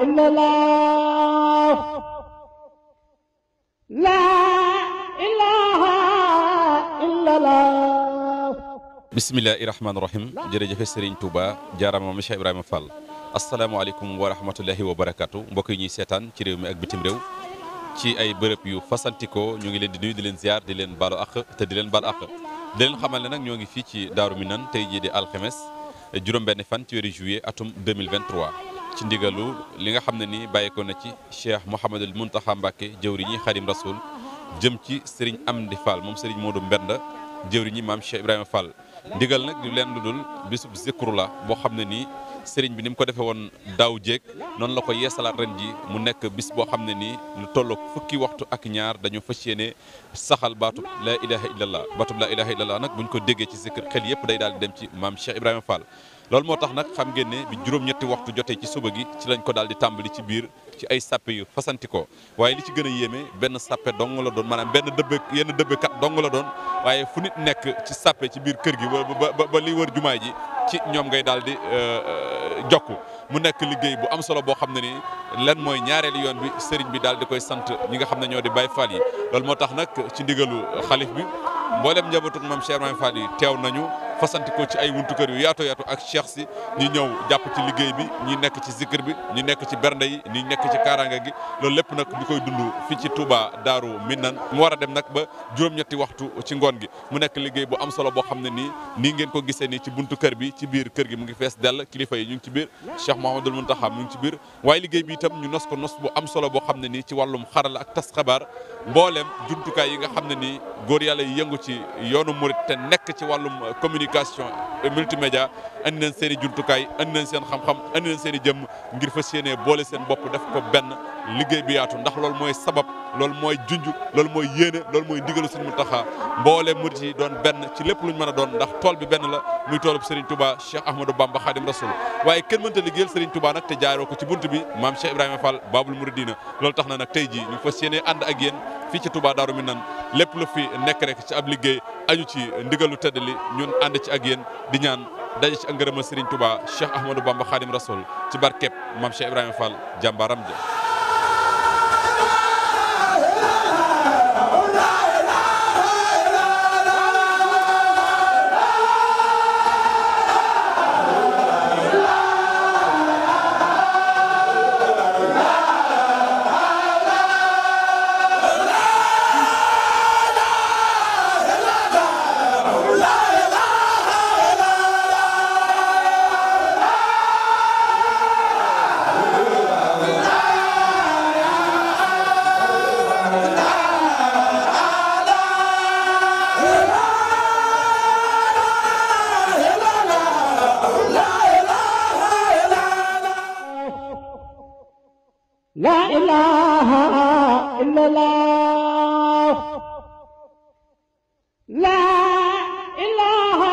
إلا الله لا إله إلا الله بسم الله الرحمن الرحيم jërëjëf Serigne Touba jaarama Cheikh Ibrahima Fall asalaamaaleykum wa barakaatu mbokk yi ñuy seetaan ci réew mi ak bitim réew ci ay bërëb yu fasantikoo ñu ngi leen di nuyu di leen ziar di leen baalu àq te di leen baal àq di xamal ne nag ñoo ngi fii ci Daaru Minaan tey jii di alxemes juróom-benn fan ci weeru juillet atum ci ndigalu li nga xam ne ni bàyyi ko na ci Cheikh Mouhamadul Mountakha Mbacké jëwriñi Xadim Rasoul jëm ci am Amdi fal moom Serigne Modou Mbenda jëwriñi maam Cheikh Ibrahima Fall ndigal nag di leen lu dul bisub zikru la boo xam ne nii sëriñ bi ni mu ko defee woon daaw jéeg noonu la ko yeesalaat ren ji mu nekk bis boo xam ne nii lu tolloog fukki waxtu ak ñaar dañu fas yéene saxal baatub laa ilaha illallah baatub laa ilaha illallah nag buñ ko déggee ci zikr xel yëpp day daal di dem ci maam Cheikh Ibrahima Fall loolu moo tax nag xam ngeen ne bi juróom-ñetti waxtu jotee ci suba gi ci lañ ko daal di tàmbali ci biir ci ay sàppe yu fasanti waaye li ci gën a yéeme benn sàppe dong la doon maanaam benn dëbbe yenn dëbbekat dong la doon waaye fu nit nekk ci sàppe ci biir kër gi ba ba li wër jumaa ji ci ñoom ngay daal di euh, euh, jokku mu nekk liggéey bu am solo boo xam ne ni lan mooy ñaareelu yoon bi sëriñ bi daal di koy sant ñi nga xam ne ñoo di Baye Fall yi loolu moo tax nag ci ndigalu xalif bi mboolem njabootu moom Cheikh Ibrahima Fall yi teew nañu fasanti ko ci ay wuntu kër yu yaatu yaatu ak cheikh si ñi ñëw jàpp ci liggéey bi ñi nekk ci zikr bi ñi nekk ci bernde yi ñi nekk ci kaaraanga gi loolu lépp nag ñu koy dund fii ci Touba Daaru Minnan mu war a dem nag ba juróom-ñetti waxtu ci ngoon gi mu nekk liggéey bu am solo boo xam ne nii nii ngeen ko gisee nii ci bunt kër bi ci biir kër gi mu ngi fees dell kilifa yi ñu ngi ci biir Cheikh Mouhamadoul Mountakha mu ngi ci biir waaye liggéey bi itam ñu nos ko nos bu am solo boo xam ne nii ci wàllum xarala ak tas xabaar mbooleem jumtukaay yi nga xam ne nii góor yàlla yi yëngu ci yoonu murit te nekk ci wàllum communication multimédia andi nañ seen i jumtukaay andi nañ seen xam-xam andi nañ seen i jëmm ngir fas yéene boole seen bopp def ko benn liggéey bi yaatu ndax loolu mooy sabab loolu mooy junj loolu mooy yéene loolu mooy ndigalu Sëriñ Muntaxa mboole murit yi doon benn ci lépp luñ mën a doon ndax tool bi benn la muy toolub Serigne Touba Cheikh Ahmadou Bamba Khadim Rasoul waaye kenn mënta liggéeyal Serigne Touba nag te ko ci bunt bi maam Cheikh Ibrahima Fall Babul Mouridina loolu tax na nag tey jii ñu fas ànd ak yéen fii ci Touba Darou Minane lépp lu fi nekk rek ci ab liggéey aju ci ndigalu tëdd li ñun ànd ci ak yéen di ñaan daje ci ak ngërëmal Serigne Touba Cheikh Ahmadou Bamba Khadim Rasoul ci barkeep maam Cheikh Ibrahima Fall jàmbaaram ja la ilaha